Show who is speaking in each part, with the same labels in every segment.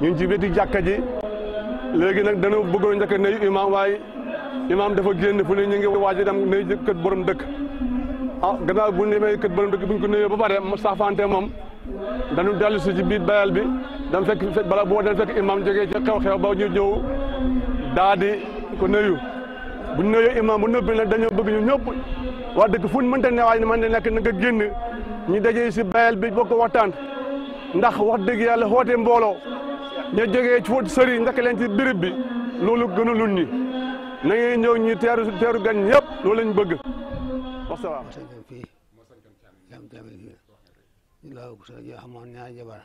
Speaker 1: ñu ngi ci weti jàkka ji léegi nag dana bëggoon njëkk a nuyu imaam waaye imaam dafa génn fu ne ñu ngi waaj a dem nuyu kër borom dëkk ah gannaaw bu ñu demee kër dëkk bu ñu ko nuyoo ba pare saafante moom dañu dellu si ci biir bayal bi dam fekk bala boo dem fekk imaam jógee ci xew-xew ba ñu ñëw daa di ko nuyu bu ñu nuyoo bu noppi nag bëgg ñu ñëpp wax dëgg fu ñu mënta ne waaye man ne nekk na nga génn ñu dajee si bayal bi boo ko waxtaan ndax wax dëgg yàlla xoote mbooloo ña jógee ci fóot sëriñ ndaka leen ci béréb bi loolu gën a lun ñi na ngeen ñëw ñi gan yëpp loolu lañ bëgg
Speaker 2: wasalaam
Speaker 3: laa ko soo joo xamoon ñaari jabar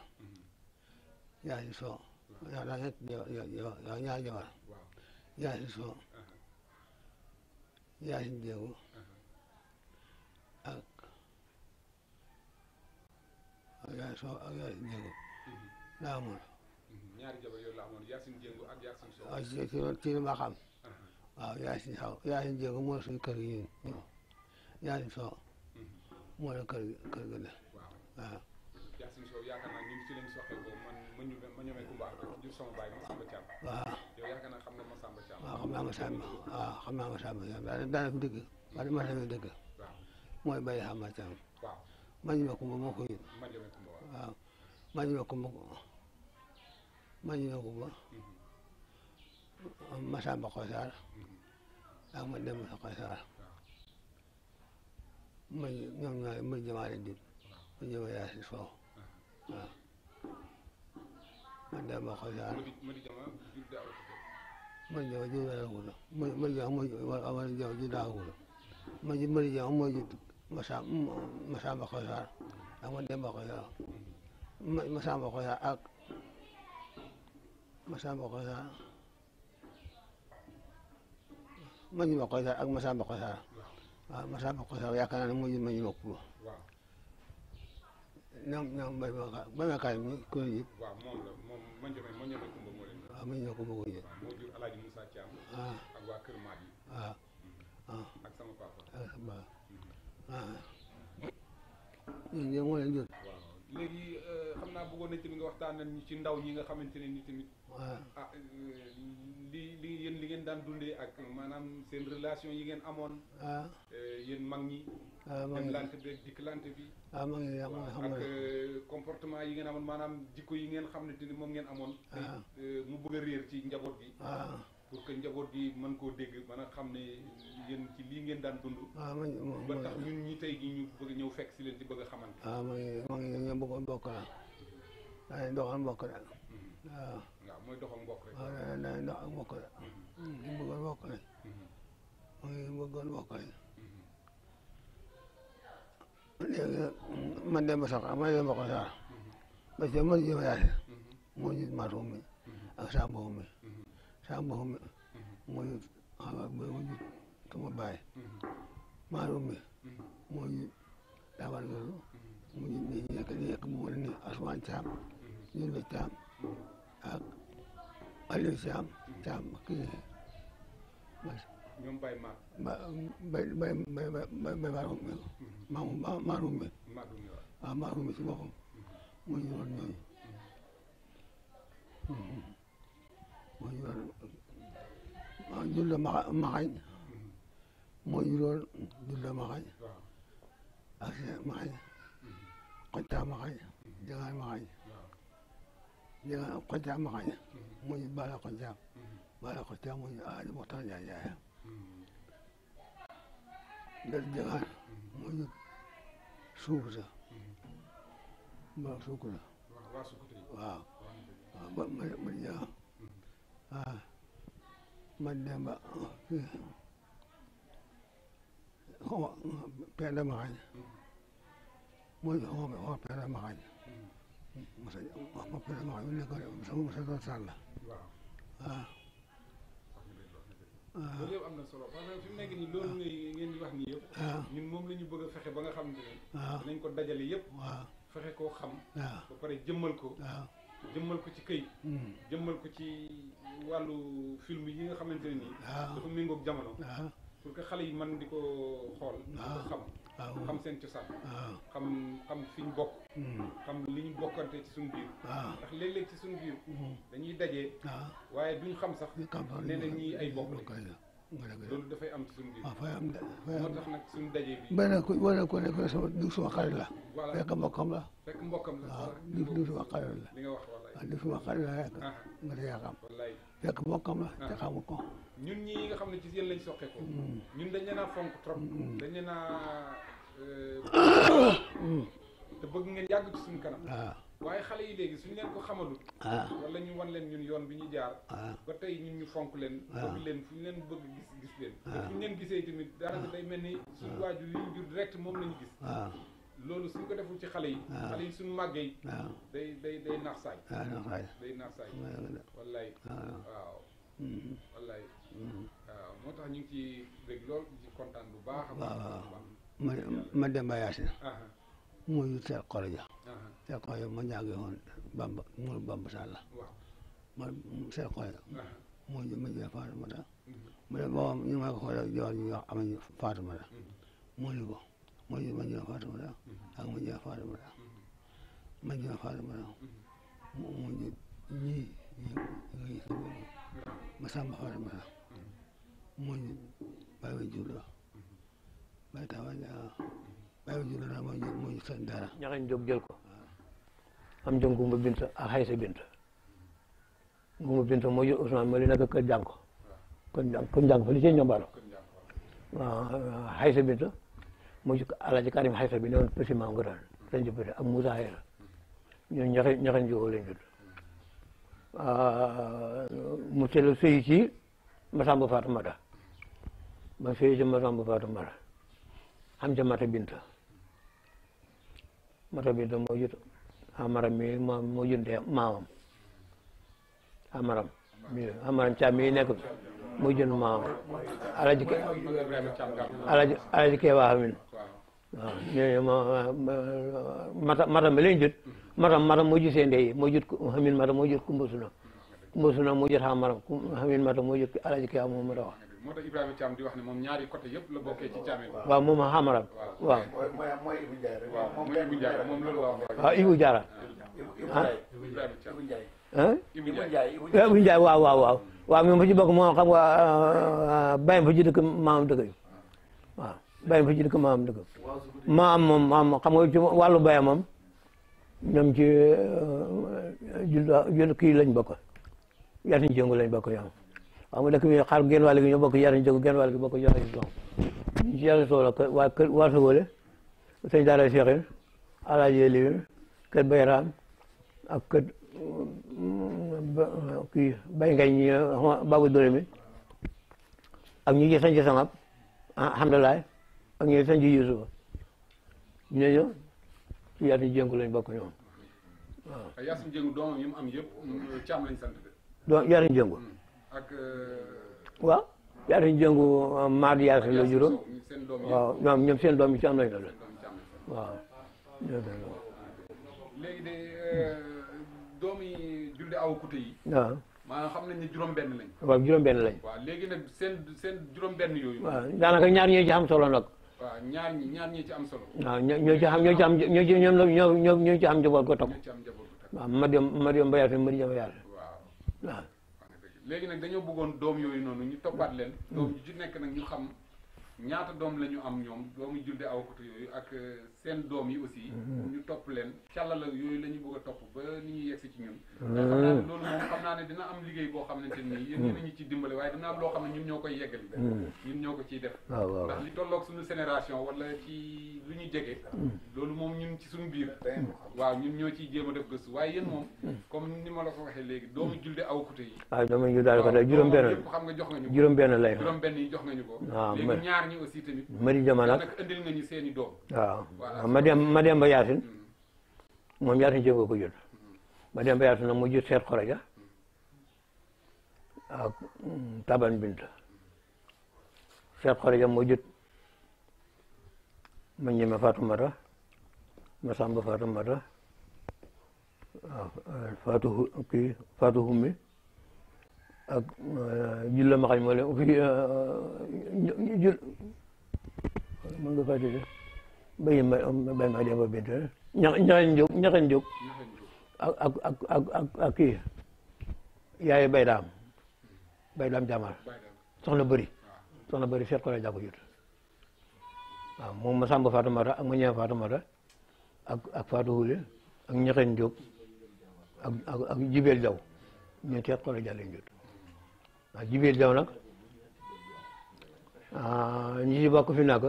Speaker 3: ñaari soo yaa daa ñett yoo ñaari jabar ñaari soo ñaari jéegu ak ñaari soo ak ñaari jéegu daa amul
Speaker 1: ñaari jabar yooyu ak ci ah, ci
Speaker 3: ma xam. waaw Yacine Sow Yacine Dieng mooy suñu kër gi ñun. Yacine Sow. Mm-hmm. moo la kër kër gi la. ma
Speaker 1: ma ñoomee Kumba ak sama baay Massamba Thiam. waaw yow yaakaar naa xam nga Massamba Thiam.
Speaker 3: waaw xam naa mooy Baye Xamba ma ñoomee ma ñoomee Kumba waaw. waaw ma ñoomee Kumba. man Yookuba Masamba Kosaar ak ma dem sa Kosaar ma ñoom ñaar ma jamaare dib ma jëma yaasi soow waaw ma dem ba Kosaar ma jëma jur weeragulo ma ma jëma ma war a jëma jur daagulo ma ma jëma ma jur Masamba Kosaar ak ma dem ba Kosaar Masamba Kosaar ak Masamba Kosaar Majumba Kosaar ak Masamba Kosaar waaw Masamba Kosaar yaakaar naa ne moo ma kaa mbay ma kaa yi kuréel yi
Speaker 1: waaw moom la moom Majumba Majumba Kumba moo leen waaw Majumba Kumba moo jur moo jur Alaaji Moussa Thiam ah. ak waa Kër Maadi
Speaker 3: ah. Ah. waaw waaw ak
Speaker 1: léegi euh, xam naa bëggoon na tamit nga waxtaanal ñu ci ndaw ñi nga xamante ne ni tamit. ah euh, li li yéen li ngeen daan dundee ak maanaam seen relation yi ngeen amoon. waaw euh, yéen mag ñi. waaw mag ñi bi ak dikklante bi. ak comportement yi ngeen amoon maanaam jikko yi ngeen xam ne ni moom ngeen amoon. mu bëgg a réer ci njaboot bi. pour que njaboot gi mën koo dégg mën a xam ne yéen ci lii ngeen daan dund. waaw ah, man ba tax ñun ñi tey gi ñu bëgg ñëw fekk si leen ci bëgg a xamante. waaw
Speaker 3: ah, man man ñoom bokkoon bokk daal daa leen doxal mbokk daal. Mm-hmm.
Speaker 1: waaw waaw mooy doxal mbokk rek. waaw daa leen doxal mbokk daal. ñu mm-hmm. mm-hmm. bëggoon mbokk lañ. mu ngi bëggoon
Speaker 3: mbokk lañ. léegi man de ma sax ma ne ma ko sax parce que man jëm yaay. moo ñu maatum mi ak saa boobu mi. saa boppam mi moo ñu xamal ba mu mm-hmm. jur te mu bàyyi maalum mi moo ñu dawal loolu mu ñu di Caam Yurbe Caam Caam Caam Ba Baye Baye Baye Baye Baye Mar mm-hmm. Marum bi. waaw Marum bi si moo julla ma maxañ moo juróon julla maxañ ak maxañ xocca maxañ jangaay maxañ jangaay xocca maxañ moo jur baala xocca baala xocca moo jur aadi moxtar njaay njaay der jangaay moo jur suukuta baala suukuta waaw waaw ma ma jangaay waaw ah, man Demba xaw ma Penda Maxañ mooy xaw ma Penda Maxañ mos a mu nekkoon mos a doon Sall waaw ah.
Speaker 1: ah. waaw am na solo parce que fi mu nekk nii loolu ngeen di wax nii yëpp. ñun moom la bëgg a fexe ba nga xam ne. waaw dinañ ko dajale yëpp. waaw fexe koo xam. waaw ba pare jëmmal ko. waaw jëmmal ko ci këyit. Hmm. jëmmal ko ci wàllu film yi nga xamante ne nii. Ah. dafa méngoog jamono. Ah. pour que xale yi mën di ko xool. di ko ah. xam. xam seen cosaan. xam xam fi ñu bokk. Hmm. xam li ñu bokkante ci suñu biir. ndax léeg-léeg ci suñu biir. Hmm. dañuy daje. waaye duñ xam sax. nee na ñii ay bokk lañ. loolu dafay am ci suñu biir waaw dafay am dafay am moo tax daje bi. benn ku wala ku nekk sama du sama xarit la.
Speaker 3: voilà la. fekk mbokkam la
Speaker 1: waaw du du sama xarit la. li nga wax wallaay waaw ah. fekk mbokkam la te ah. xamu ko. ñun ñii nga xam ne ci yéen lañ soqeekoo. Mm. ñun dañ leen a fonk trop. Mm. Mm. dañ leen a. Euh, te bëgg ngeen yàgg ci suñu kanam. waaw. Ah. waaye xale yi léegi suñu leen ko xamalul. Ah. waaw ñu wan leen ñun yoon bi ñu jaar. Ah. ba tey ñun ñu fonk leen. Ah. bëgg leen fu ñu leen bëgg gis gis leen. waaw fu ñu leen gisee tamit daanaka day mel ni. suñu waajur yi ñu jur direct moom lañu gis. loolu suñ ko deful ci xale yi. xale yi suñu màggee yi. day day day naax saay. day naax saay. wallaay mm-hmm. Mm-hmm. waaw. moo tax ñu ngi ciy bëgg lool ci kontaan bu baax. am waaw
Speaker 3: ma ma Demba Yacine. mooy yu teel xoroja. Cheikh Koye ma jàngee woon Bamba Mourou Bamba Sall. man Cheikh Koye. moo mu mm-hmm. ne boo ñu ko xoolee joor ñu wax amañu Fatima la. Mm-hmm. moo ñu ko moo ñu mm-hmm. ma jëlee Fatima la. ak ma jëlee Fatima la. ma jëlee Fatima la. mu mu ñu ma sàmm Fatima la. moo ñu bàyyi wu
Speaker 4: am jëm Gumba Binta ak Xaysa Binta Gumba Binta moo jur Ousmane moo li nekk kër jàng ko kër jàng ci ñombaalo waaw Binta moo jur Alaaji Karim Xaysa bi ne woon petit maam nga daan lañ jëppate ak ñun mu teel sëy ci Masamba Fatou Mada ma sëy ci Masamba Fatou Mada xam ca Mata Binta Mata Binta moo amaram mi moom moo jundee maamam amaram mi amaram Caam mi nekk moo jund maamam alaji alaji alaji mata mata mata mata moo jut seen ndey moo jut amin mata moo jut kumba suna kumba suna moo jut amaram mata moo alaji kee waa moom mu wax
Speaker 1: moo tax Ibrahima Thiam di wax ne moom ñaari côté yëpp la bokkee ci Thiamène. waaw moom xamaram waaw. mooy mooy mooy Ibou Ndiaye rek. waaw mooy Ibou Ndiaye moom loolu la wax. waaw ah, Ibou Diarra. ah Ibou Ndiaye.
Speaker 4: ah Ibou Ndiaye Ibou Ndiaye waaw waaw waaw. waaw moom fu ci bokk moom xam nga bàyyi fu ci dëkk maam dëkk waaw bàyyi fu ci dëkk maam dëkk maam moom maam xam nga ci wàllu bàyyi moom ñoom ci euh, jël kii lañ bokk yàlla nañu jéngu lañ bokk yow. xam nga dëkk bi xar genn wàll gi ñoo bokk yar ñu jóg genn wàll gi bokk yar ñu solo waa kër waa Sogole sëñ Daara Cheikhin Alaaji Limin kër Bayram ak Babu Dore mi ak ñu ngi sañ ci Samab ah, alhamdulilah ak ñu ngi sañ ci Yusufa ñu ne ñoom ci lañ bokk
Speaker 1: Euh,
Speaker 4: waaw yaa dañu jëngu euh, maar yaasa la juróom waaw ñoom ñoom seen doom yi ci am lañ la doon waaw
Speaker 1: léegi de euh, doomi julde aw kute xam nañ ne juróom-benn lañ waaw juróom-benn lañ waaw léegi nag seen seen juróom-benn yooyu waaw daanaka ñaar
Speaker 4: ñoo ci am solo nag
Speaker 1: waaw ñaar ñi am solo
Speaker 4: waaw ñoo ci am ñoo ci am ñoo ci ñoom ñoo ñoo ci am njaboot ma dem ma dem ba yàlla ma dem ba yàlla
Speaker 1: waaw léegi nag dañoo bëggoon doom yooyu noonu ñu toppaat leen. Mm. doom ju ci nekk nag ñu xam. ñaata doom la ñu am ñoom doomu julde awkoto yooyu ak euh, seen doom yi aussi mm-hmm. ñu topp leen càllala yooyu la ñu bëgg a topp ba ni ñuy yegsi ci ñun mm-hmm. ndax xam naa ne dina am liggéey boo xam ne nii yéen ñi nañu ci dimbale waaye loo xam ne ñun ñoo koy yeggali mm-hmm. ñun ñoo ko ciy def ah, ndax li tolloog suñu génération wala ci lu ñu jege loolu moom ñun ci suñu biir waaw ñun ñoo ciy jéem a def waaye moom comme ni ma la ko waxee léegi doomu julde awkoto ah, yi waaw doomu julde awkoto juróom benn xam nga jox nga ñu ko juróom benn lay benn yi jox nga ñu ko ah, léegi ñaar ñi aussi tamit. Mari Jama nag indil nga ñu seen i doom. waaw
Speaker 4: Yaasin moom Yaasin Jéego ko jot. Mm-hmm. Mademba Yaasin nag mu seet Xoraja mm-hmm. mm, Taban Binta seet Xoraja mu jot ma ñeme Fatoumata ma Samba Fatoumata Fatou euh, kii Fatou Houmi ak euh, jullit ma xam ne moo leen euh, jul mën nga fàtte bay ma ba bint ñax ñaxen jóg ñaxen jóg ak ak ak ak ak ak kii yaay bay daam bay daam jàmmal soxna bëri soxna la jàpp jut waaw moom ma Samba Fatou Mata ak ma ñëw Fatou Mata ak ak Fatou ak ñaxen jóg ak ak jaw ñu seet ko la jut waaw Jibril Jaw nag ah, ñi ci bokk fi nag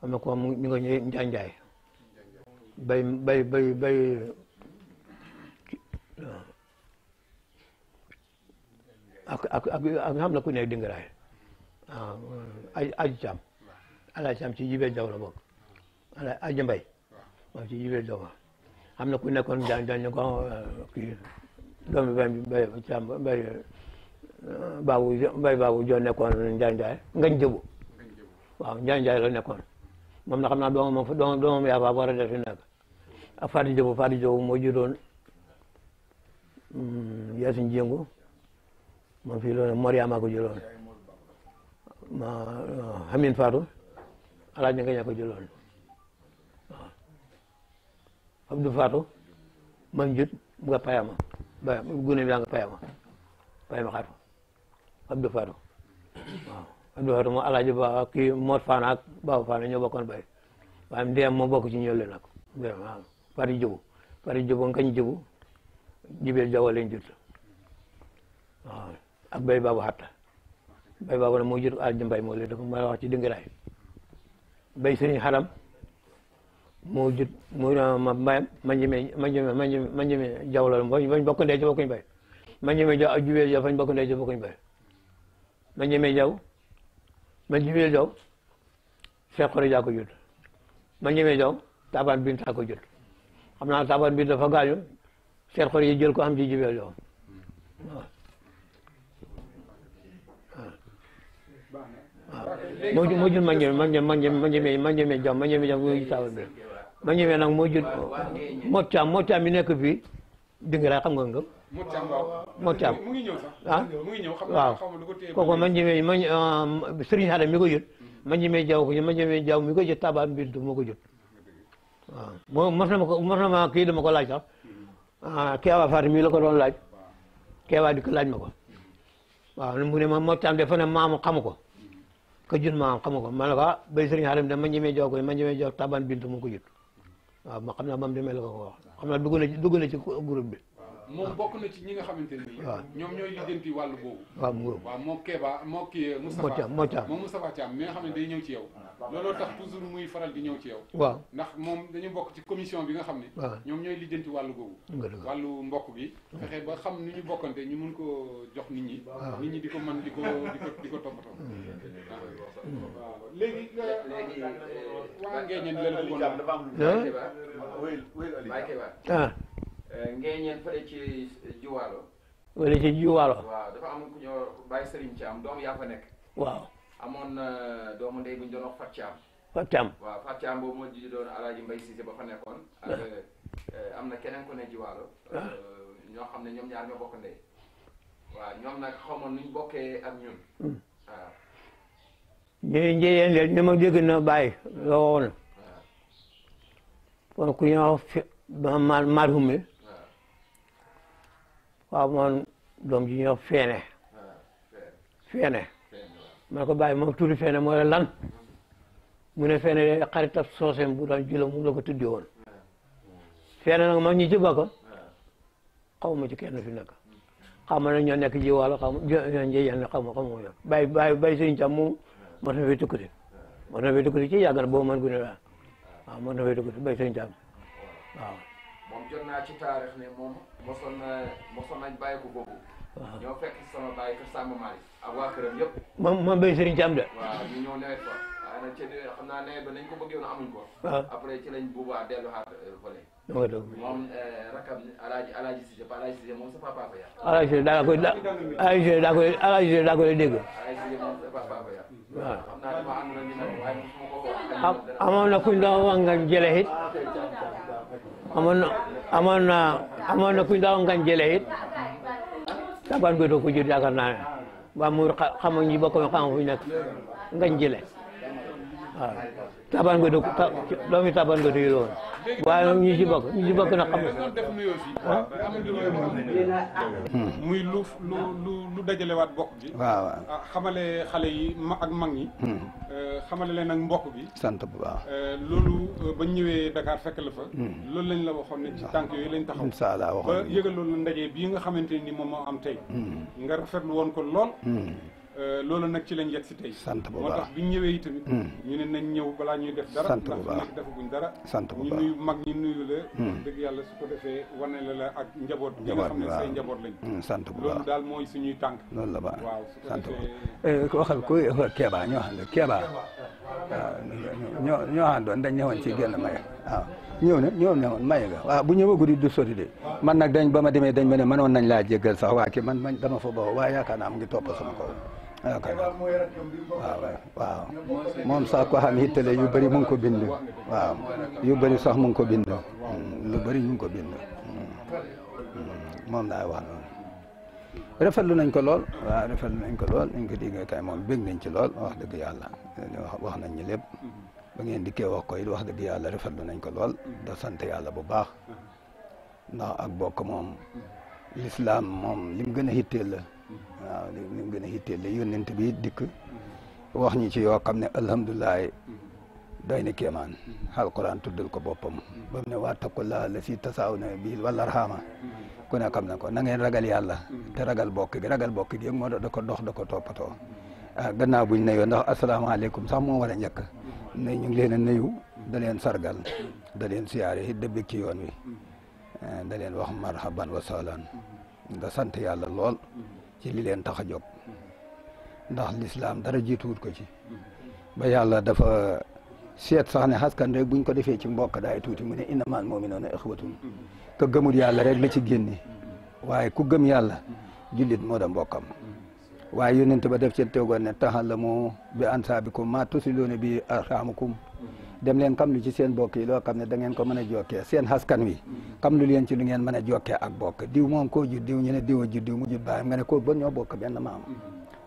Speaker 4: am na ko mu ñu ngi ko Njaay Njaay bay bay bay bay ak ak ak xam na ku nekk dingaraay ah aji caam ala caam ci Jibril Jaw la bokk ala aji mbay waaw ci Jibril Jaw xam na ku nekkoon daan daan ñu ko ah, kii doomi bay bay càmb bay nekkoon Njaay Njaay ngañ jëbu waaw Njaay Njaay la nekkoon moom na xam naa doomam fa doomam doomam yaa fa war a def fi nekk ak Fatou Diop Fatou Diop moo judoon mm, Yacine Dieng moom fii loolu Moriama ko jëloon ma Hamine Fatou Alaaji Ngañ ko jëloon waaw Abdou Fatou man jut mu nga payama ba gune bi daa nga payama payama xatu Abdou Fatou waaw Abdou moo alaaji ba kii Mor Fana Baba Fana ñoo bokkoon bay waaye ndeyam moo bokk ci ñëw leen nag ndeyam waaw Fatou Diouf Fatou Diouf nga kañ Diouf jibeel Jawa leen jur waaw ak bay baabu xatta bay baabu nag moo jur aljambay moo leen dafa ma moo jut mu ma ma ma njëmee ma njëmee ma njëmee ma njëmee jaww la bañ bañ bokk ndey ci bokkuñ bay ma njëmee jaww ak jubeel jaww bañ bokk ndey ci bokkuñ bay ma njëmee jaww ma jubeel jaww fekkore jaa ko jut ma njëmee jaww taabaan bin taa ko jut xam naa taabaan bin dafa gaañu fekkore yi jël ko am ci jubeel jaww waaw waaw moo jut ma njëmee ma njëmee ma njëmee ma njëmee jaww ma njëmee jaww ma ñëwee nag moo jur Mor Thiam Mor Thiam mi nekk fii Dingiraay xam nga ngëm.
Speaker 1: Mor Thiam waaw Mor Thiam ah? xaw ma lu ko téye kooku
Speaker 4: ma ñëwee ma Serigne Adam mi ko jot. ma ñëwee jaww ko ma ñëwee jaww mi ko jot tabaat mbir du ma ko jot waaw moo mos na ma ko mos na ma dama ko laaj sax mm-hmm. ah mii la ko doon laaj Kewa di laaj ma ko mm-hmm. mu ne ma Mor Thiam dafa ne ko. ko jut maam ko ma ne ko ah bay Serigne Adam de ma ñëwee jaww ko ma ñëwee jaww tabaat mbir du ma ko jot. waaw ma xam naa maam demee la ko ko xam naa dugg na ci dugg na ci groupe bi.
Speaker 1: moom bokk na ci ñi nga xamante ne nii. waaw ñoom ñooy lijjanti wàllu boobu. waaw mu waaw moo Kéba moo kii Moustapha moo Thiam moo Thiam. moom Moustapha Thiam mi nga xam ne day ñëw ci yow. looloo tax toujours muy faral di ñëw ci yow. waaw ndax moom dañu bokk ci commission bi nga xam ne. waaw ñoom ñooy lijjanti wàllu googu. wàllu mbokk bi fexe ba xam ni ñu bokkante ñu mun ko jox nit ñi. nit ñi di ko mën di ko di ko di ko toppatoo. Mm. waaw léegi. Euh, léegi euh, waa Ngéeñeen di leen bëggoon dafa am lu. wéyul wéyul Aliou. ah. Euh, Ngéeñeen fële ci Juwaalo.
Speaker 3: wala ci Juwaalo.
Speaker 2: waaw dafa am ku ñoo Baye Serigne Thiam doom yaa fa nekk. waaw. amoon na euh, doomu ndey bu ñu doon wax Fatou Thiam. boobu moo ji doon Alaaji Mbaye Cissé ba fa nekkoon. ak ah. euh, am na keneen ku ne jiwaalo. Ah. Euh, ñoo xam ne ñoom ñaar ñoo bokk ndey.
Speaker 1: waaw ñoom nag xaw ma nuñ bokkee ak ñun. Hmm. waaw.
Speaker 4: njëriñ njëriñ la ni ma dégg na bàyyi lool kon ku ñuy wax maal maal hume waaw moom doom ji ñuy wax feene ma ko bàyyi moom tuuti fene mooy lan mu ne fene xaritab sooseem bu daan jula mu la ko tuddi woon fene nag ma ñu jëba ko xaw ma ci kenn fi nekk xam na ñoo nekk ji wàllu xam ñoo njëjeen xam ma xam ma ñoo bàyyi bàyyi bàyyi suñu càm moom mat na fi tukkuti mat na fi tukkuti ci yàgg na boo mën gune la
Speaker 2: ko boobu
Speaker 1: ñoo fekk sama bàyyi ak waa këram yëpp.
Speaker 4: moom moom bay Serigne de. waaw
Speaker 1: ñu ñëw nawet ba waaye nag ci xam naa nawet ba nañ ko bëggee woon amuñ ko. waaw ah. après na ñu nag waaye na kuñ doon nga jëlee it.
Speaker 4: na amoon na kuñ doon nga jëlee it. daa ko doon ko jël yaakaar naa waa Mbour yi bokk na xamuñu nag ngañ jële waaw.
Speaker 3: taban godo doomi taban godo yi
Speaker 4: loon waaye moom ñu ci bokk ñu ci bokk na xam hmm.
Speaker 1: Hmm. muy lu lu lu lu dajalewaat bokk gi waaw ah, xamale xale yi ma ak mag ñi hmm. eh, xamale leen ak mbokk bi sant bu baax eh, loolu eh, ba ñëwee dakaar fekk la fa loolu lañ la waxoon ne ci tànk yooyu lañ taxaw incha allah waxoon ba yëgal loolu ndaje bii nga xamante ni moom moo am tey nga rafetlu woon ko lool Euh, loolu nag ci lañ yegg si tey. sant bu baax bi ñu ñëwee itamit. Hmm. ñu ne nañ ñëw balaa ñuy def dara. sant bu baax defaguñ dara. sant bu baax ñu nuyu mag ñu nuyu la. Hmm. dëgg yàlla su ko defee wane la la ak njaboot. njaboot bi nga njaboot lañ. Hmm, sant bu baax loolu daal mooy suñuy tànk. loolu la baax sant bu waaw su ko defee.
Speaker 2: Eh, waxal ku Kéba ñoo xam ne Kéba. waaw ñoo ñoo xam ne ci génn may ah. ñëw na ñëw na woon maye nga waaw bu ñëwee guddi du sori man nag dañ ba ma demee dañ ma ne mënoon nañ laa jéggal sax waa ki man man dama fa bokk waaye yaakaar naa mu ngi topp sama kaw yaakaar
Speaker 4: naa waaw
Speaker 2: waaw moom sax ko xam hittale yu bëri mu ngi ko bind waaw yu bëri sax mu ngi ko bind lu bari ñu ngi ko bind moom daay wax noonu rafetlu nañ ko lool waaw rafetlu nañ ko lool ñu ngi ko déggee kay moom bég nañ ci lool wax dëgg yàlla wax nañ ñu ba ngeen dikkee wax ko it wax dëgg yàlla rafetlu nañ ko lool da sant yàlla bu baax ndax ak bokk moom lislaam moom lim gën a hitteel la waaw lim gën a hitteel la yónnent bi dikk wax ñu ci yoo xam ne alhamdulilah doy na kéemaan alquran tuddal ko boppam ba mu ne waa taqullaa la si tasaaw na bii wala raxaama ku ne na ko na ngeen ragal yàlla te ragal bokk ragal bokk gi yëpp moo da ko dox da ko toppatoo ah, gannaaw buñ ne yoo ndax asalaamaaleykum sax moo war a njëkk ne ñu ngi leen a nuyu da leen sargal da leen siyaare it da bëgg ci yoon wi eh, da leen wax marhaban wa sahlan da sant yàlla lool ci li leen tax a jóg ndax lislaam dara jiituwut ko ci ba yàlla dafa seet sax ne xaskan buñ ko defee ci mbokk daay tuuti mu ne innamal mu'minuuna ixwatun ka gëmul yàlla rek la ci génni waaye ku gëm yàlla jullit moo da mbokkam waaye yonent ba def ci tegoon ne taxallamu bi ansaabikum maa loone bi arhaamukum dem leen xam lu ci seen bokk yi loo xam ne da ngeen ko mën a jokkee seen askan wi xam lu leen ci lu ngeen mën a jokkee ak bokk diw moom koo jur diw ñu ne diw a jur diw mu jur baayam nga ne koo ba ñoo bokk benn maam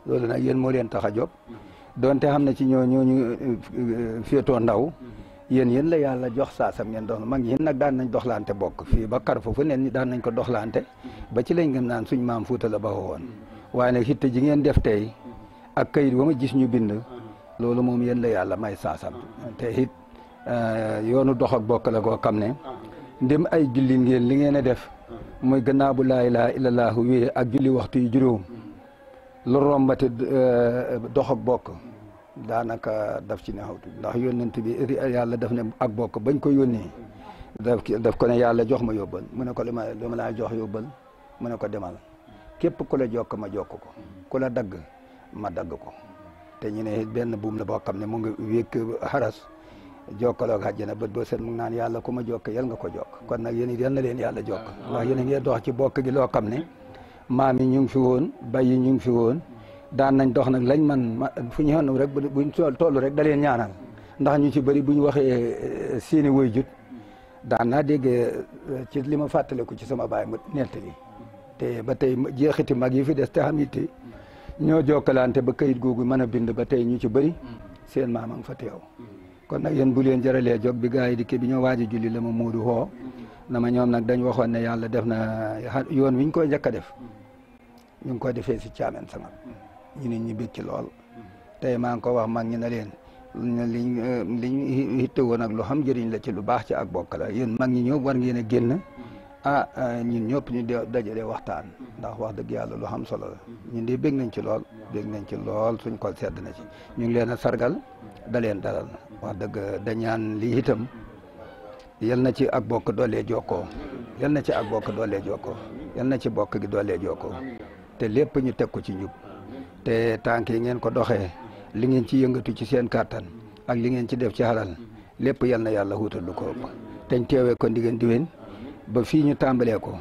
Speaker 2: loolu nag yéen moo leen tax a jóg donte xam ne ci ñoo ñooñu euh, féetoo ndaw yen yéen la yàlla jox saasam ngeen dox mag ñi nag daan nañ doxlante bokk fii ba kar foofu neen ñi daan nañ ko doxlante ba ci lañ gëm naan suñ maam Fuuta la ba woon waaye nag hitte ji ngeen def tey ak kayit ba ma gis ñu bind loolu moom yéen la may saasam te it euh, yoonu dox ak bokk la koo xam ne ndem ay julli ngeen li ngeen a def muy gannaaw bu laa ilaaha illallaah wéyee ak julli waxtu yu juróom lu rombati euh, dox ak bokk daanaka daf ci ne xawtu ndax yónnent bi yàlla daf ne ak bokk bañ ko yónnee daf daf ko ne yàlla jox ma yóbbal mu ko li ma li jox yóbbal mu ne ko demal képp ku la jokk ma jokk ko ku la dagg ma dagg ko te ñu ne benn buum la boo xam ne mu ngi wékk xaras jokkaloog àjjana bët boo seet mu ngi naan yàlla ku ma jokk yal nga ko jokk kon nag yéen it yal na leen yàlla jokk ndax yéen a ngi dox ci bokk gi loo xam ne maam yi ñu ngi fi woon bay yi ñu ngi fi woon daan nañ dox nag lañ man fu ñu xonn rek buñ tol rek da leen ñaanal ndax ñu ci bari bu ñu waxee eh, seeni woy jut daan naa dégg eh, ci li ma fàttaliku ci sama baay mu nettali te ba tey jeexiti mag yi fi des te xamiti ñoo jokkalante ba kayit googu mën a bind ba tey ñu ci bëri seen maam a ngi fa teew kon nag yéen bu leen jëralee jog bi gars yi di kii bi ñoo waaji julli la ma muudu xoo na ma ñoom nag dañ waxoon ne yàlla def na yoon wi ñu koy njëkk a def ñu ngi koy defee si caamen sama ñu ne ñu ci lool te maa ngi ko wax mag ñi ne leen liñ liñ hitte woon ak lu xam njëriñ la ci lu baax ci ak bokk la yéen mag ñi ñëw war ngeen a génn ah eh, ñun ñëpp ñu dajale waxtaan ndax wax dëgg yàlla lu xam solo la ñun de bég nañ ci lool bég nañ ci lool suñ ko sedd na ci ñu ngi leen a sargal da leen dalal wax dëgg dañaan lii itam yal na ci ak bokk doolee jokko yal na ci ak bokk doolee jokkoo yal na ci bokk gi doolee jokkoo te lépp ñu teg ko ci njub te tànk yi ngeen ko doxee li ngeen ci yëngatu ci seen kàttan ak li ngeen ci def ci halal lépp yal na yàlla wuutal lu ko ëpp teñ teewee ko ndigen diwén ba fii ñu tàmbalee ko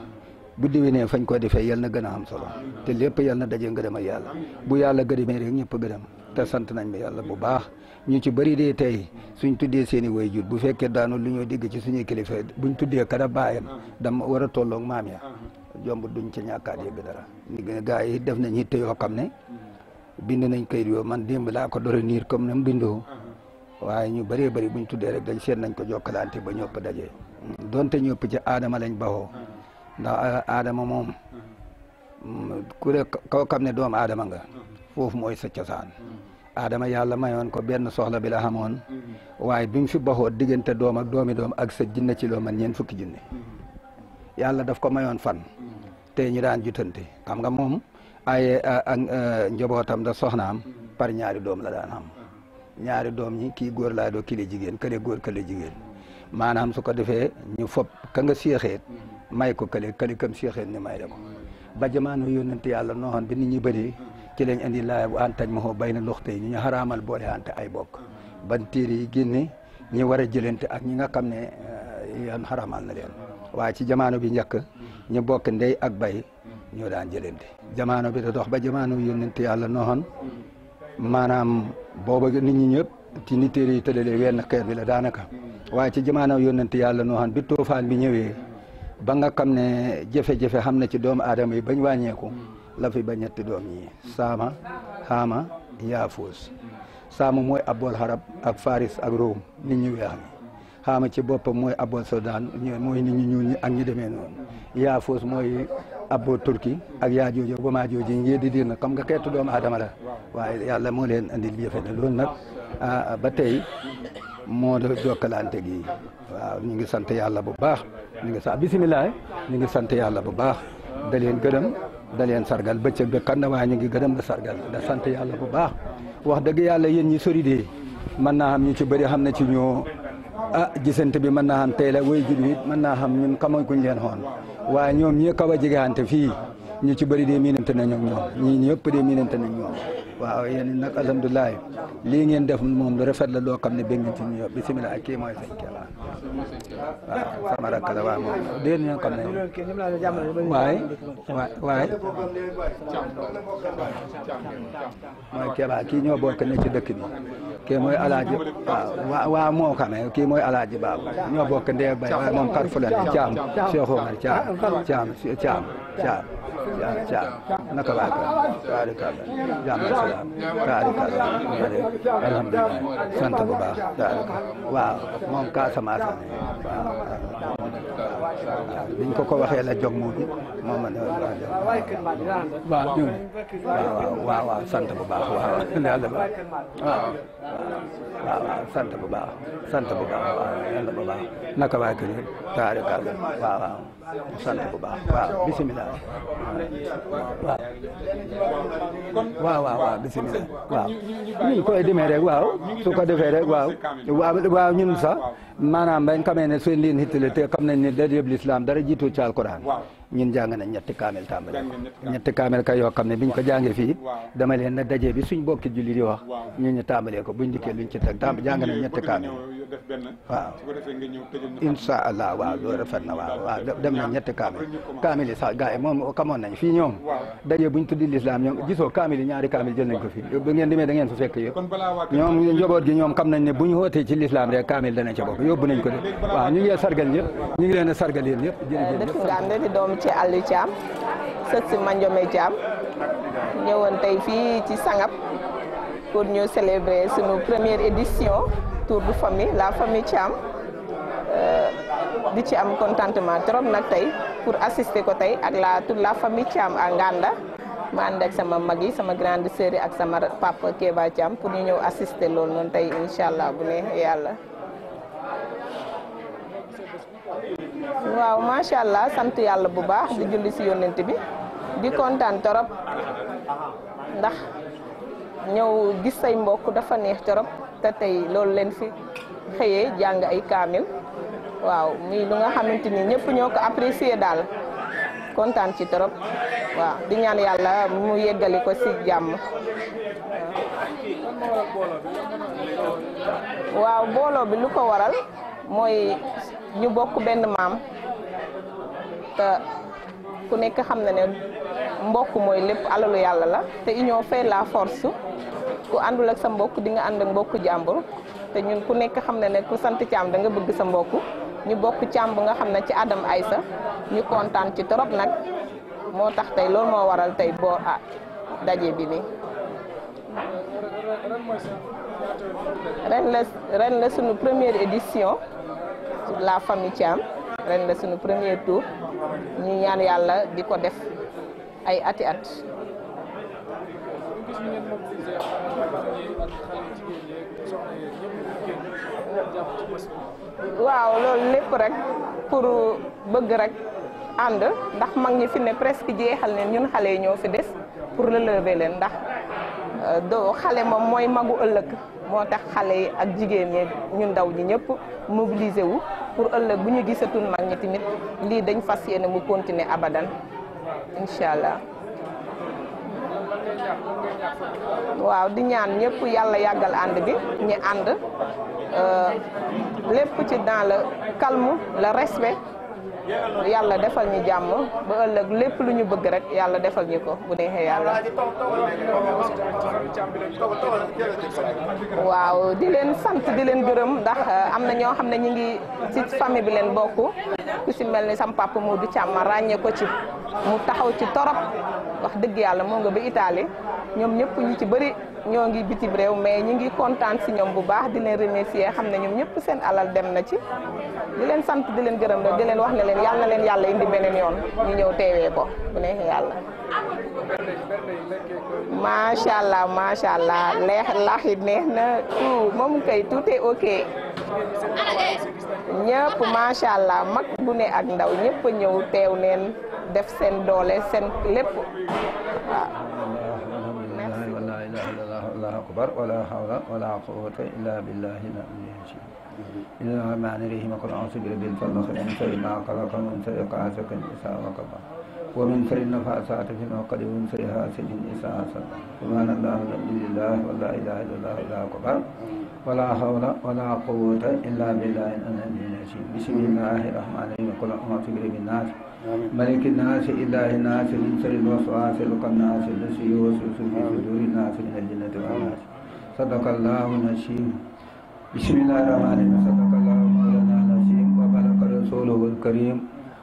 Speaker 2: bu ne fañ ko defee yal na gën a am solo te lépp yal na daje dem a yàlla bu yàlla gërëmee rek ñëpp gërëm te sant nañ ma yàlla bu baax ñu ci bëri dee tey suñ tuddee seen i waajur bu fekkee daanu lu ñoo digg ci suñuy kilifa buñ tuddee kada baayam dama war a tolloog maam ya jomb duñ ci ñàkkaat yëgg dara ni gaa yi def nañ yitte yoo xam ne bind nañ kayit yoo man démb laa ko dore niir comme ni mu bindoo waaye ñu bëree bëri buñ tuddee rek dañ seet nañ ko jokkalante ba ñëpp dajee donte ñu ëpp ci aadama lañ baxoo ndax aadama ah, moom ku de koo xam ne doomu aadama nga foofu mooy sa cosaan aadama yàlla mayoon ko benn soxla bi la xamoon waaye bi mu fi baxoo diggante doom ak doomi doom ak sa jinne ci loo man ñeen fukki jinne yàlla daf ko mayoon fan te ñu daan jutante xam nga moom aye ak njabootam da soxnaam par ñaari doom la daan am ñaari doom ñi kii góor laa doo kile jigéen kële góor kële jigéen maanaam su ko defee ñu fob ka nga séexeet may ko kële kële kam séexeet ñu may la ko ba jamaano yónnante yàlla nooxoon bi nit ñi bëri ci lañ indi la bu antañ ma xoo bay na loxte yi ñu ñu xaraamal boole ante ay bokk ban tiir yi génne ñi war a jëlante ak ñi nga xam ne eh, yan xaraamal na leen waa ci jamaano bi njëkk ñu bokk ndey ak bay ñoo daan jëlante jamaano bi da dox ba jamaano yónnante yàlla nooxoon maanaam booba nit ñi ñëpp ci ni téere yi tëddalee wenn xeer bi la daanaka waaye ci jamono yónnante yàlla noo xam bi toofaan bi ñëwee ba nga xam ne jafe-jafe xam na ci doomu aadama yi bañ wàññeeku la fi ba ñetti doom yi saama xaama yaafuus saama mooy abol xarab ak faris ak róom nit ñu weex ñi xaama ci boppam mooy abol sodaan mooy nit ñu ñuul ñi ak ñu demee noonu foos mooy abbo turki ak yaa joojo ba maa jooji ngee di diir na comme nga xeetu doomu aadama la waaye yàlla moo leen Ah, ah, ba tey moo doon jokkalante gi waaw ñu ngi sant yàlla bu baax ñu ngi sax bisimilah ñu ngi sant yàlla bu baax da leen gërëm da leen sargal bëccëg bi kan na waaye ñu ngi gërëm da sargal da sant yàlla bu baax wax dëgg yàlla yéen ñi sori de mën naa xam ñu ci bëri xam na ci ñoo ah gisante bi mën naa xam tey la way jur it mën naa xam ñun xamaguñ leen xoon waaye ñoom ñi kaw a jegeante fii ñu ci bëri de miinante na ñoom ñoom ñii ñëpp de miinante na ñoom waaw yéen lii ngeen def moom lu la loo xam ne bëgg ci ñu bisimilah kii mooy sëñ Keba waaw sama rakk la waaw moom déedéet ñoo xam ne waaye waaye mooy Keba kii ñoo bokk ne ci dëkk bi mooy alaaji waaw moo xamee kii mooy alaaji baabu ñoo bokk ndee bay waaye moom xar fulan caam Cheikh Omar caam caam caam caam caam naka waa kër waaw di kàlla jàmm salaam taarika la ma ne alhamdulilah sant bu baax taarika waaw moom Casamance la waaw waaw biñ ko ko waxee la jog moom moo ma ne waaw ñun waaw waaw sant bu baax waaw yàlla ba waaw waaw sant bu baax sant bu naka waa kër taarika la sant bu baax waaw bisimilah waaw waaw waaw waaw waaw ñu koy demee rek waaw su ko defee rek waaw waaw waaw ñun sax maanaam bañ xamee ne seen liin hittale te xam nañ ne dara yëpp lislaam dara jiitu ci alquran ñun jàng nañ ñetti kaamel tàmbale ñetti kaamel yoo xam ne biñ ko jàngee fii dama leen na dajee bi suñ bokki di wax ñun ñu tàmbalee ko buñ dikkee luñ ci teg tàmb jàng nañ ñetti kaamel
Speaker 1: waaw insha allah waaw
Speaker 2: loolu rafet na waaw waaw dem nañ ñetti kaamel kaamel yi sax gars yi moom xamoon nañ fii ñoom dajee buñ tuddi lislaam ñoom gisoo kaamel yi ñaari kaamel jël nañ ko fi ngeen demee da ngeen fa fekk yëpp ñoom njaboot gi ñoom xam nañ ne bu ñu wootee ci lislaam rek kaamel danañ ca bokk yóbbu nañ ko de waaw ñu ngi sargal ñëpp ñu ngi sargal
Speaker 5: yéen ci Aliou Thiam sët si Mandiome Thiam ñëwoon tey fii ci Sangap pour ñu célébrer sunu première édition tour de famille la famille Thiam euh, di ci am contentement trop nag tey pour assister ko tey ak la toute la famille Thiam à Nganda ma ànd ak sama mag yi sama grande sœur yi ak sama papa Kéba Thiam pour ñu ñëw assister loolu noonu tey incha allah bu neexee yàlla. waaw macha allah sant yàlla bu baax di julli si yónnent bi di kontaan torop ndax ñëw gis say mbokk dafa neex torop te tey loolu leen fi xëyee jàng ay kaamil waaw muy lu nga xamante ni ñëpp ñoo ko apprécier daal kontaan ci torop waaw di ñaan yàlla mu yeggali ko si jàmm waaw booloo bi lu ko waral mooy ñu bokk benn maam te ku nekk xam na ne mbokk mooy lépp alalu yàlla la te ñoo fait la force ku àndul ak sa mbokk di nga ànd ak mbokk jàmbur te ñun ku nekk xam ne ne ku sant Thiam da nga bëgg sa mbokk ñu bokk Thiam bu nga xam ne ci Adam Aïssa ñu kontaan ci trop nag moo tax tey loolu moo waral tey boo ah bi nii. ren la sunu première édition la famille Thiam ren la sunu premier tour. ñuy ñaan yàlla di ko def ay ati at waaw loolu lépp rek pour bëgg rek ànd ndax mag ñi fi ne presque jeexal ne ñun xale yi ñoo fi des pour relever leen ndax Euh, doo xale moom mooy magu ëllëg moo tax xale yi ak jigéen ñi ñu ndaw ñi ñëpp mobiliser wu pour ëllëg bu ñu gisatul mag ñi tamit lii dañ fas yéene mu continuer abadan incha allah.
Speaker 3: waaw di ñaan ñëpp yàlla yàggal ànd bi
Speaker 5: ñi ànd euh, lépp ci dans la kalm la respect. yàlla defal ñu jàmm ba ëllëg lépp lu ñu bëgg rek yàlla defal ñu ko bu neexee yàlla waaw di leen sant di leen gërëm ndax eh, am na ñoo xam ne ñu ngi ci famille bi leen bokk ku si mel ni sam papa Modou Thiam ma ràññee ko ci mu taxaw ci torop wax dëgg yàlla moo nga ba Italie ñoom ñëpp ñu ci bëri ñoo ngi bitim réew mais ñu ngi kontaan si ñoom bu baax dina leen xam na ñoom ñëpp seen alal dem na ci di leen sant di leen gërëm di leen wax ne leen yàlla na leen yàlla indi beneen yoon ñu ñëw teewee ko bu neexee yàlla macha allah macha allah leex laax yi neex na tout moom kay tout est ok ñëpp macha allah mag bu ne ak ndaw ñëpp ñëw teew neen def seen doole seen lépp waaw
Speaker 2: allahu akbar wala hawla wala quwwata illa billahi illa rahmani rahim qul a'udhu bi rabbil falaq min sharri ma qalaq min sharri ghasiqin idha waqab wa min sharri nafasati fil 'uqad wa min sharri hasidin idha hasad subhanallahi walhamdulillah wa la ilaha illallah allahu akbar wala hawla wala quwwata illa billahi al-'aliyyil 'azhim bismillahir rahmanir rahim qul a'udhu bi rabbin nas ملك الناس إله الناس من شر الوسواس القناص الذي يوسوس في صدور الناس من الجنة والناس صدق الله العظيم بسم الله الرحمن الرحيم صدق الله مولانا العظيم وبارك رسوله الكريم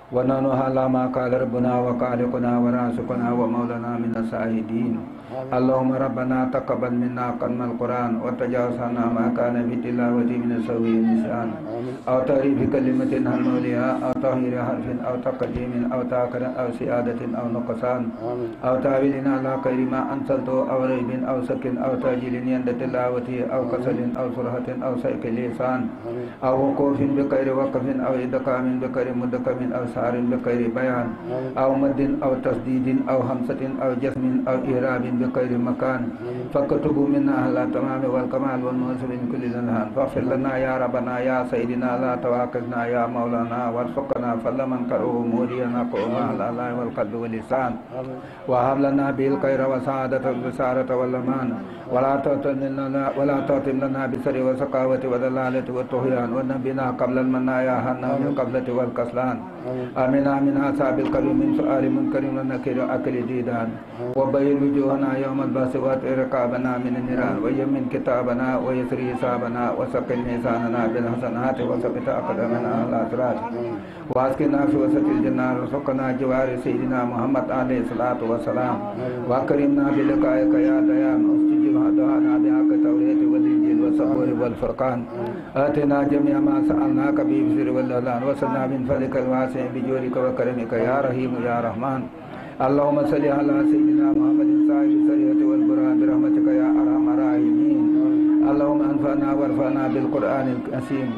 Speaker 2: ونحن على ما قال ربنا وخالقنا ورازقنا ومولانا من الشاهدين اللهم ربنا تقبل منا قدم القرآن وتجاوز عنا ما كان بتلاوته من سوء النسيان أو تعريف كلمة هل موليها أو تغيير حرف أو تقديم أو تأخر أو سيادة أو نقصان أو تعويل على خير ما أنزلته أو ريب أو سكن أو تأجيل يند تلاوته أو كسل أو سرعة أو سيك لسان أو وقوف بغير وقف أو إدقام بغير مدقم أو إظهار بغير بيان أو مد أو تسديد أو همسة أو جسم أو إعراب بغير مكان فاكتب منا على تمام والكمال والمنصب من كل زنهان فاغفر لنا يا ربنا يا سيدنا لا تواكزنا يا مولانا وارزقنا فضل من كره مولينا قوما على الله والقلب واللسان وهب لنا به الخير وسعادة والبشارة والأمان ولا تؤتم لنا ولا تؤتم لنا بالسر والسقاوة والضلالة والطغيان ونبنا قبل المنايا هنا من القبلة والكسلان آمين آمين أصحاب القلب من سؤال منكر ونكر أكل ديدان وبين وجوهنا يوم البعث رقابنا من النيران ويمن كتابنا ويسر حسابنا وسقل ميزاننا بالحسنات وثبت أقدامنا على الصراط واسقنا في وسط الجنة وسقنا جوار سيدنا محمد عليه الصلاة والسلام وأكرمنا بلقائك يا ديان واستجب دعانا بحق التوحيد والدين والصبر والفرقان آتنا جميع ما سألناك به بسر والألان وصلنا من فضلك الواسع بجورك وكرمك يا رحيم يا رحمن اللهم صل على سيدنا محمد صاحب السرية والبرهان برحمتك يا أرحم الراحمين اللهم أنفعنا وارفعنا بالقرآن الكريم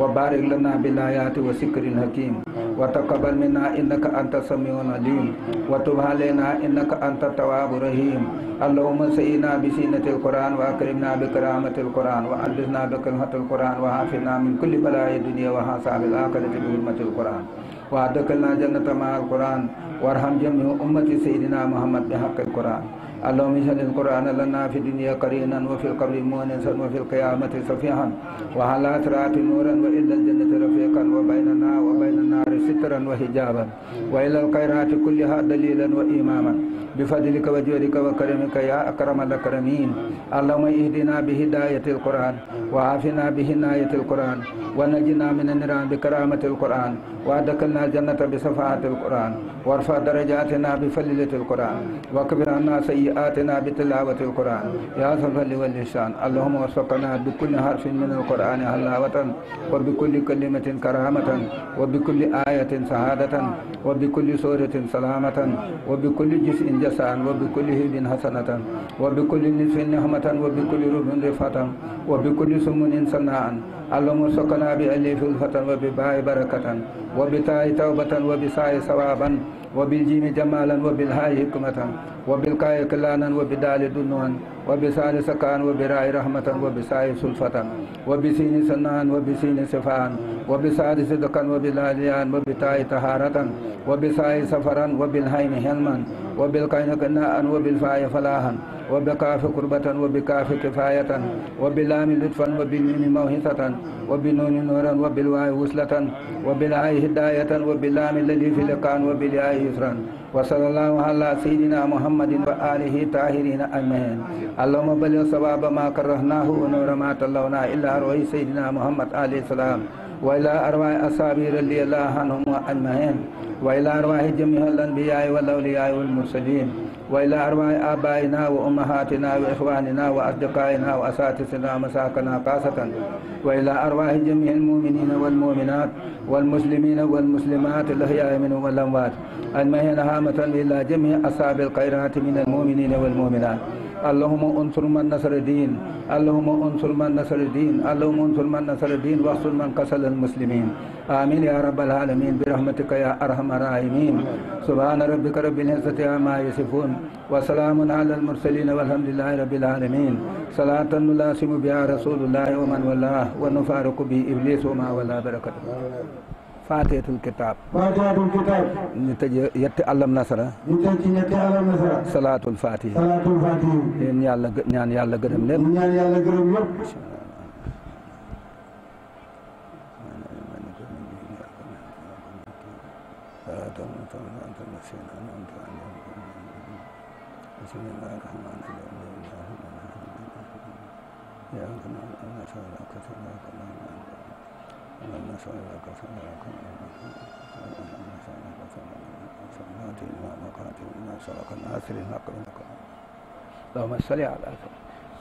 Speaker 2: وبارك لنا بالآيات وسكر الحكيم وتقبل منا إنك أنت السميع العليم وتب علينا إنك أنت التواب الرحيم اللهم سئنا بسينة القرآن وأكرمنا بكرامة القرآن وألبسنا بكلمة القرآن وعافنا من كل بلاء الدنيا وحساب الآخرة بحرمة القرآن وأدخلنا جنة مع القرآن وارحم جميع أمة سيدنا محمد بحق القرآن اللهم اجعل القرآن لنا في الدنيا قرينا وفي القبر مؤنسا وفي القيامة صفيحا وعلى صراط نورا وإلى الجنة رفيقا وبيننا وبين النار سترا وحجابا وإلى الخيرات كلها دليلا وإماما بفضلك وجودك وكرمك يا أكرم الأكرمين اللهم اهدنا بهداية القرآن وعافنا بهناية القرآن ونجنا من النيران بكرامة القرآن وأدخلنا الجنة بصفاءة القرآن وارفع درجاتنا بفليلة القرآن واكفر عنا سيئاتنا بتلاوة القرآن يا صفل واللسان اللهم وفقنا بكل حرف من القرآن حلاوة وبكل كلمة كرامة وبكل آية آية سعادة وبكل سورة سلامة وبكل جزء جزاء وبكل هيب حسنة وبكل نصف نعمة وبكل رب رفعة وبكل سمن سناء اللهم سقنا بأليف الفتن وبباء بركة وبتاء توبة وبساء ثوابا وبالجيم جمالا وبالهاء حكمة وبالكاء كلانا وبدال دنوا وبسان سكان وبراء رحمة وبساء سلفة وبسين سنان وبسين سفان وبسعد صدقا وبلاليان وبتاء طهارة وبساء سفرا وبالهيم حلما وبالقين قناء وبالفاء فلاحا وبكاف قربة وبكاف كفاية وبلام لطفا وبالميم موهسة وبنون نورا وبالواو وصلة وبالعاء هداية وباللام الذي في لقان وبالعاء يسرا وصلى الله على سيدنا محمد وآله طاهرين أجمعين اللهم بلغ ثواب ما كرهناه ونور ما تلونا إلا روح سيدنا محمد عليه السلام وإلى أرواح أصحابه رضي الله عنهم وأجمعين وإلى أرواح جميع الأنبياء والأولياء والمرسلين وإلى أرواح آبائنا وأمهاتنا وإخواننا وأصدقائنا وأساتذتنا ومساكنا قاسة وإلى أرواح جميع المؤمنين والمؤمنات والمسلمين والمسلمات الأحياء منهم والأموات أجمعين هامة إلى جميع أصحاب الخيرات من المؤمنين والمؤمنات اللهم انصر من نصر الدين اللهم انصر من نصر الدين اللهم انصر من نصر الدين واحصر من قتل المسلمين آمين يا رب العالمين برحمتك يا أرحم الراحمين سبحان ربك رب العزة عما يصفون وسلام على المرسلين والحمد لله رب العالمين صلاة نلاسم بها رسول الله ومن والاه ونفارق به إبليس وما ولا بركته faatihatul kitaab faatihatul kitaab ñu nasara ñu tëj ci ñetti alam nasara salaatul faatiha salaatul faatiha leen yàlla ñaan yàlla اللهم صل على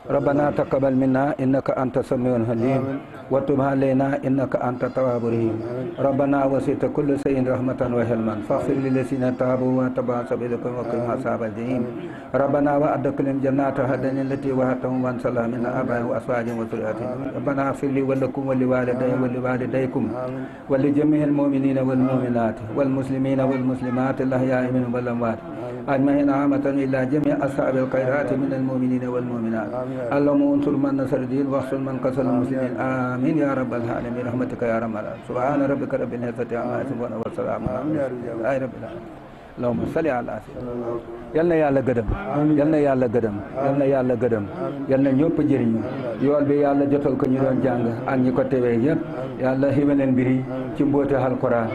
Speaker 2: ربنا تقبل منا إنك أنت السميع العليم وتب علينا إنك أنت التواب الرحيم ربنا وسعت كل شيء رحمة وحلما فاغفر للذين تابوا وتبعوا سبيلك وقهم عذاب الجحيم ربنا وأدخلنا جنات عدن التي وعدتهم وأن صلى من آبائهم وأزواجهم وذرياتهم ربنا اغفر لي ولكم ولوالدي ولوالديكم ولجميع المؤمنين والمؤمنات والمسلمين والمسلمات الأحياء منهم والأموات أجمعين عامة إلى جميع أصحاب الخيرات من المؤمنين والمؤمنات اللهم انصر من نصر الدين واخسر من قتل المسلمين آمين يا رب العالمين برحمتك يا رب العالمين سبحان ربك رب العزة عما يصفون وسلام على المرسلين allahumma salli ala yal na yàlla gëdëm yal na yàlla gëdëm yal na yàlla gëdëm yal na ñëpp jëriñu yool bi yàlla jotal ko ñu doon jàng ak ñi ko tewee ñëpp yàlla xima leen mbiri ci mbóote alquran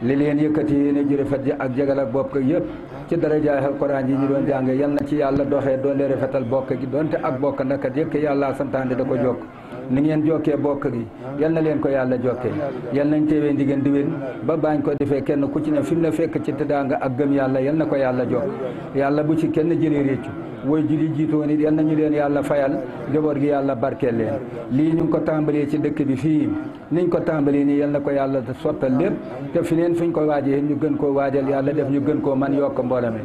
Speaker 2: li leen yëkkati yéene jërëfat ak jagal ak bopp ko yëpp ci darajaay alquran yi ñu doon jàng yal na ci yàlla doxee doon lee rafetal bokk gi donte ak bokk naka yëkk yàllaa santaande da ko jokk ni ngeen jokkee bokk gi yal na leen ko yàlla jokkee yal nañ teewee ndigéen diwén ba baañ ko defee kenn ku ci ne fi mu la fekk ci tëddaanga ak gëm yàlla yal na ko yàlla jokk yàlla bu ci kenn jëlee réccu woy juli jiitoon it yal ñu leen yàlla fayal njaboot gi yàlla barkeel leen lii ñu ngi ko tàmbalee ci dëkk bi fii niñ ko tàmbalee nii yal na ko yàlla sottal lépp te fi neen fuñ ko waajee ñu gën koo waajal yàlla def ñu gën koo man yokk mboolame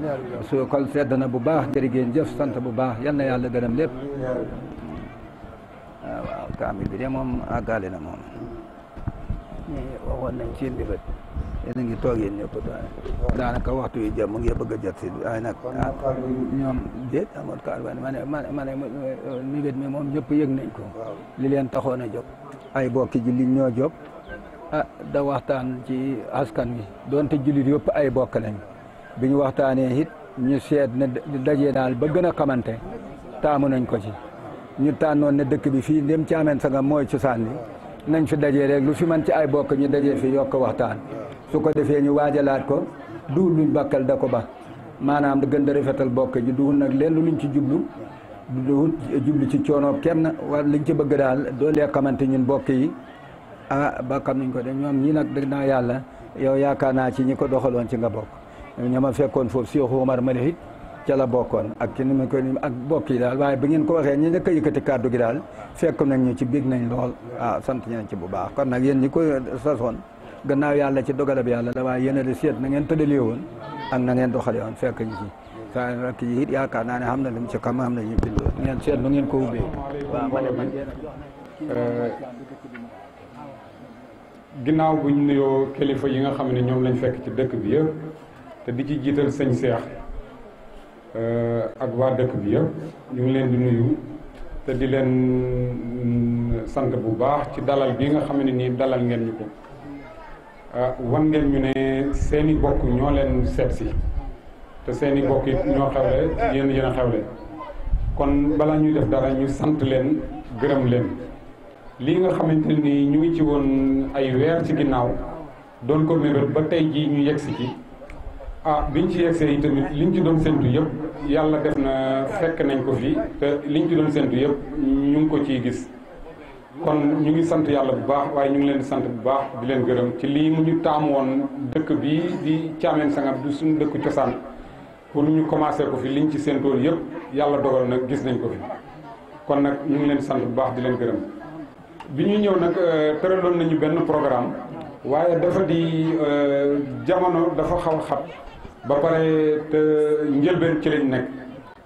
Speaker 2: su kol sedd na bu baax jërëgéen jëf sant bu baax yal na yàlla gërëm lépp waaw ah, waaw kaamil bi de moom àggaale na moom eh, nañ ci ndibet yéen a ngi toog yéen ñëpp daanaka waxtu yu jëm mu ngi bëgg a jot si waaye nag ñoom déet amoon kaalbani ma ne ma ne mi moom ñëpp yëg nañ ko li leen taxoon a jóg ay bokki ji liñ ñoo jóg ah da waxtaan ci askan wi doonte jullit yëpp ay bokk lañ bi ñu waxtaanee it ñu seet ne dajee daal ba gën a xamante taamu nañ ko ci ñu tànnoon ne dëkk bi fii ndem caameen sangam mooy cosaan bi nañ fi dajee rek lu fi man ci ay bokk ñu dajee fi yokk waxtaan su ko defee ñu waajalaat ko duul luñ bakkal da ko ba maanaam gën da fetal bokk ji duul nag lenn luñ ci jublu duul jublu ci coono kenn wala liñ ci bëgg daal doolee xamante ñun bokk yi ah ba xam nañ ko dem ñoom ñii nag dëgg naa yàlla yow yaakaar naa ci ñi ko doxaloon ci nga bokk ñama fekkoon foofu Cheikh Omar Malihit ca la bokkoon ak ci ma koy ak bokk yi daal waaye bi ngeen ko waxee ñi njëkk a kati kàddu gi daal fekk nañ ñu ci biig nañ lool sant ñeen ci bu baax kon nag yéen ñi ko sasoon gannaaw yàlla ci dogalab yàlla la waaye yéen seet na ngeen tëddalee woon ak na ngeen doxalee woon fekk ñu ci saa rakk yi it yaakaar naa ne xam na lu mu ci xam xam na ñu bind ngeen seet nu ko ubbee waaw ma ne man
Speaker 3: eh,
Speaker 1: ginnaaw buñ nuyoo kilifa yi nga xam ne ñoom lañ fekk ci dëkk bi yëpp te bi ci jiital sëñ Seex Euh, ak waa dëkk bi yëpp ñu ngi leen di nuyu te di leen mm, sant bu baax ci dalal bii nga xam nii dalal ngeen ñu ko ah, wan ngeen ñu ne seeni bokk ñoo leen seet si te seeni bokk it ñoo xewle yéen yéen a xewle kon bala ñuy def dara ñu sant leen gërëm leen lii nga xamante ni ñu ngi ci woon ay weer ci ginnaaw doon ko mébét ba tey jii ñu yegg si ci ah biñ ci yegg see yi tamit liñ ci doon séntu yëpp yàlla def na fekk nañ ko fii te liñ ci doon séntu yëpp ñu ngi ko ci gis kon ñu ngi sant yàlla bu baax waaye ñu ngi leen di sant bu baax di leen gërëm ci lii mu ñu taamu woon dëkk bii di Thiamène Sangam du suñu dëkk cosaan pour ñu commencé ko fi liñ ci séntoon yëpp yàlla dogal nag gis nañ ko fi kon nag ñu ngi leen sant bu baax di leen gërëm bi ñu ñëw nag euh, tëraloon nañu benn programme waaye dafa di euh, jamono dafa xaw xat ba pare te njëlbeen ci lañ nekk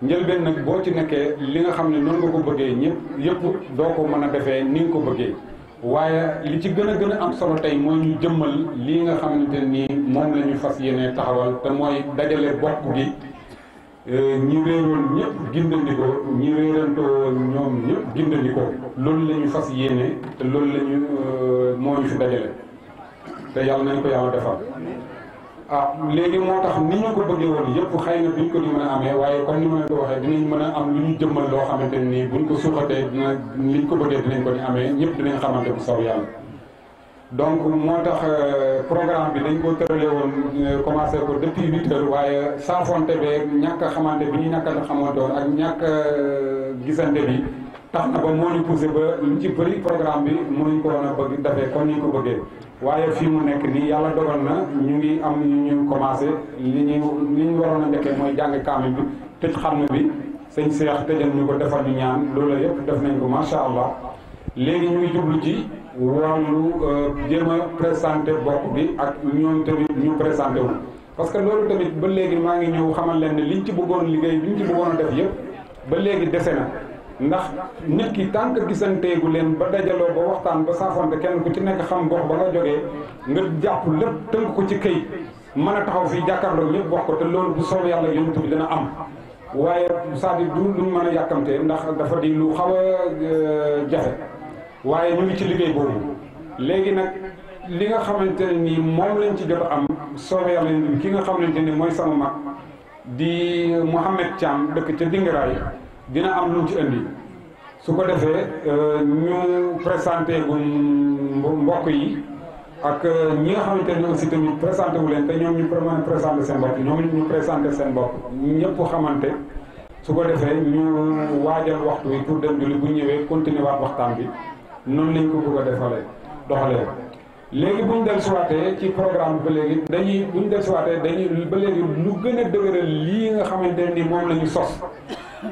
Speaker 1: njëlbeen nag boo ci nekkee li nga xam ne noonu nga ko bëggee ñëpp yëpp doo ko mën a defee nii nga ko bëggee waaye li ci gën a gën a am solo tey mooy ñu jëmmal lii nga xamante nii moom la ñu fas yéene taxawal te mooy dajale bopp gi euh, ñi réeroon ñëpp gindandikoo ñi ñoom ñëpp gindandikoo loolu la fas yéene te loolu la ñu euh, moo ñu fi dajale te yàlla nañ ko yàlla defal ah léegi moo tax ni ñu ko bëggee woon yëpp xëy na duñ ko di mën amee waaye comme ni ma leen waxee dinañ mën a am lu ñu jëmmal loo xamante nii buñ ko suuxatee dina liñ ko bëggee dinañ ko di amee ñëpp dinañ xamante bu saw yàlla donc moo tax euh, programme bi dañ ko tëralee woon euh, commencé ko depuis huit heures waaye saafonte bee ñàkk a xamante bi ñu ñàkk a xamante woon ak ñàkk euh, gisante bi tax na ba moo ñu poussé ba lu ci bëri programme bi mënuñ ko woon a bëgg dafee kon ni ñu ko bëggee waaye fi mu nekk nii yàlla dogal na ñu ngi am ñu ñu commencé li ñu li ñu waroon a njëkkee mooy jàng kaamil bi tëj xam bi sëñ Seex tëjal ñu ko defal ñu ñaan loolu yëpp def nañ ko macha allah léegi ñu ngi jublu ci wàllu euh, jéem a présenté bopp bi ak ñoom tamit ñu présenté wu. parce que loolu tamit ba léegi maa ngi ñëw xamal leen ne liñ ci bëggoon liggéey liñ ci bëggoon a ba léegi dese na. ndax nit ki tànk gisanteegu leen ba dajaloo ba waxtaan ba saafante kenn ku ci nekk xam gox ba nga jógee nga jàpp lépp tënk ko ci këy mën a taxaw fii jàkkaarloo ñëpp wax ko te loolu bu soobee yàlla yonent bi dina am waaye cest à du luñ mën a yàkkamtee ndax dafa di lu xaw a euh, jafe waaye ñu ngi ci liggéey boobu léegi nag li nga xamante ne nii moom lañ ci jot a am soobee yàlla yonent ki nga xamante ni mooy sama mag di Mouhamed Thiam dëkk ca Dingaraay dina am lu mu ci indi su ko defee euh, ñu présenté bu mbokk yi ak euh, ñi nga xamante ne si tamit présenté wu leen te ñoom ñu mën a présenté seen bopp ñoom ñu présenté seen bopp ñëpp xamante su ko defee ñu waajal waxtu wi pour dem julli bu ñëwee continuer waat waxtaan bi noonu lañ ko bëgg a defalee doxalee léegi bu ñu del suwaatee ci programme ba léegi dañuy bu ñu del suwaatee dañuy ba léegi lu gën a dëgëral lii nga xamante ni moom la ñu sos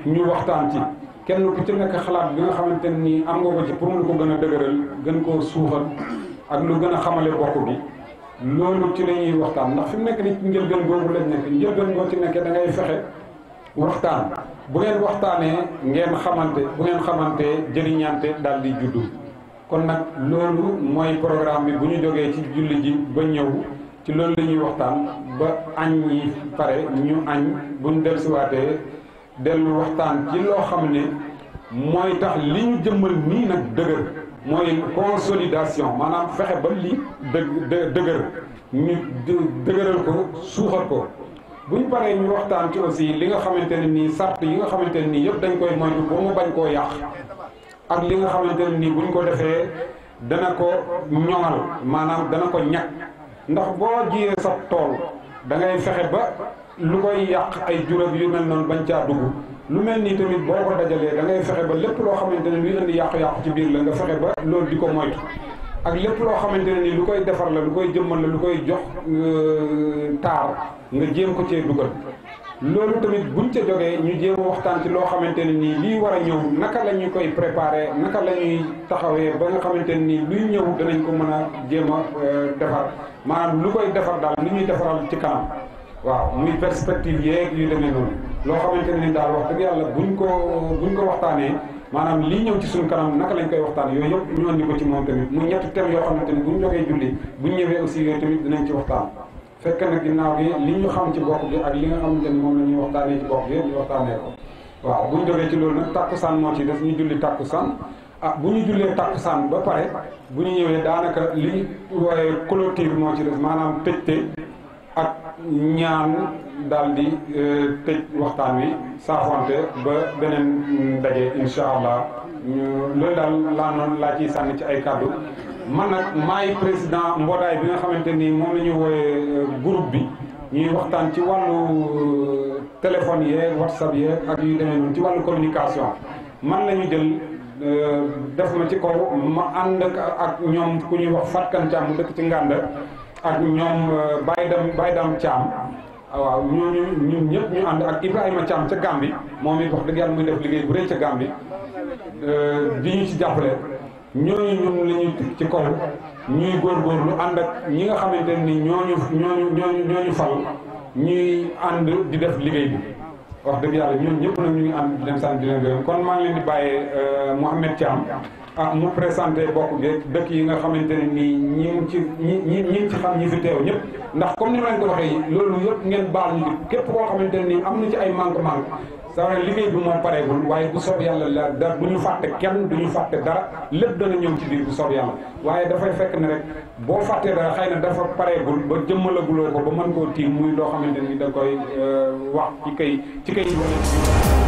Speaker 1: ñu waxtaan ci kenn ku ci nekk xalaat bi nga xamante ni am nga ko ci pour mu ko gën dëgëral gën koo suufal ak lu gën a xamale bokk bi loolu ci lañuy waxtaan ndax fi mu nekk ni njëlbeen boobu lañ nekk njëlbeen boo ci nekkee da ngay fexe waxtaan bu ngeen waxtaanee ngeen xamante bu ngeen xamante jëriñante daal di juddu kon nag loolu mooy programme bi bu ñu jogee ci julli ji ba ñëw ci loolu la ñuy waxtaan ba añ yi pare ñu añ buñ dellusiwaatee dellu waxtaan ci loo xam ne mooy tax li ñu jëmmal nii nag dëgër mooy consolidation maanaam fexe ba li dë dëgër ñu dëgëral ko suuxat ko buñ paree ñu waxtaan ci aussi li nga xamante ne nii sart yi nga xamante ne nii yëpp dañ koy moytu ba mu bañ koo yàq ak li nga xamante ne nii buñ ko defee dana ko ñoŋal maanaam dana ko ñàkk ndax boo jiyee sa tool da fexe ba lu koy yàq ay juróom yu mel noonu bañ caa dugg lu mel nii tamit boo ko dajalee da ngay fexe ba lépp loo xamante ne luy indi yàqu-yàqu ci biir la nga ba loolu di ko moytu ak lépp loo xamante ne lu koy defar la koy jëmmal la lu koy jox euh, taar nga jéem ko cee dugal tamit buñ ca jógee ñu jéem waxtaan ci loo xamante ne nii lii war a ñëw naka lañu koy préparé naka la ñuy taxawee ba nga xamante ne nii luy ñëw danañ ko mën a jéem a euh, defar maanaam lu koy defar daal lu ñuy defaral ci kanam waaw muy perspective yeeg yu demee noonu loo xamante ni daal wax dëgg yàlla bu buñ ko buñ ko waxtaanee maanaam lii ñëw ci suñu kanam naka lañ koy waxtaan yooyu yëpp ñu andi ko ci moom tamit mu ñetti thèmes yoo xamante ni buñ jógee julli buñ ñëwee aussi yooyu tamit dinañ ci waxtaan fekk nag ginnaaw gi li ñu xam ci bopp bi ak li nga xamante ni moom la ñuy waxtaanee ci bopp bi yëpp ñu waxtaanee ko waaw loolu nag tàkkusaan moo ci def ñu julli tàkkusaan ah bu ñu jullee tàkkusaan ba pare bu ñu ñëwee daanaka li wooye clôture moo ci def maanaam tëjte ak ñaan daal di euh, tëj waxtaan wi saafante ba beneen daje incha allah loolu daal laa noonu laa ciy sànni ci ay kàddu man nag maay président mbootaay bi nga xamante ni moom la ñu wooyee euh, groupe bi ñuy waxtaan ci wàllu euh, téléphone yee whatsapp yee ak yu demee noonu ci wàllu communication man lañu jël def ma ci kaw ma ànd ak ñoom ku ñuy wax Fatkane Thiam mu dëkk ci ngànd ak ñoom euh, Baye Dam Baye Dam Thiam ah, waaw ñu ñun ñëpp ñu ànd ak Ibrahima Thiam ca Gambie moom it wax dëgg yàlla muy def liggéey bu rëy ca Gambie euh, di ñu ci jàppale ñooñu ñun la ñu ci kaw ñuy góorgóorlu ànd ak ñi nga xamante ni ñooñu ñooñu ñooñu ñooñu fal ñuy ànd di def liggéey bi. wax dëgg yàlla ñoom ñëpp nag ñu ngi am di leen sant di leen gërëm kon maa ngi leen di bàyyee euh, Mouhamed Thiam ah mu présenté bokk geeg dëkk yi nga xamante ne nii ñi ci ñi ñi ñi ci xam ñi fi teew ñëpp ndax comme ni ma leen waxee loolu yëpp ngeen baax ñu di képp koo xamante ne nii am na ci ay manque-manque sama liggéey bi moom pareegul waaye bu soob yàlla la da bu ñu fàtte kenn du ñu fàtte dara lépp dana ñëw ci biir bu yàlla waaye dafay fekk ne rek boo fàttee dara xëy na dafa pareegul ba jëmmalaguloo ko ba mën koo tiim muy loo xamante ni da koy euh, wax ci kay ci kay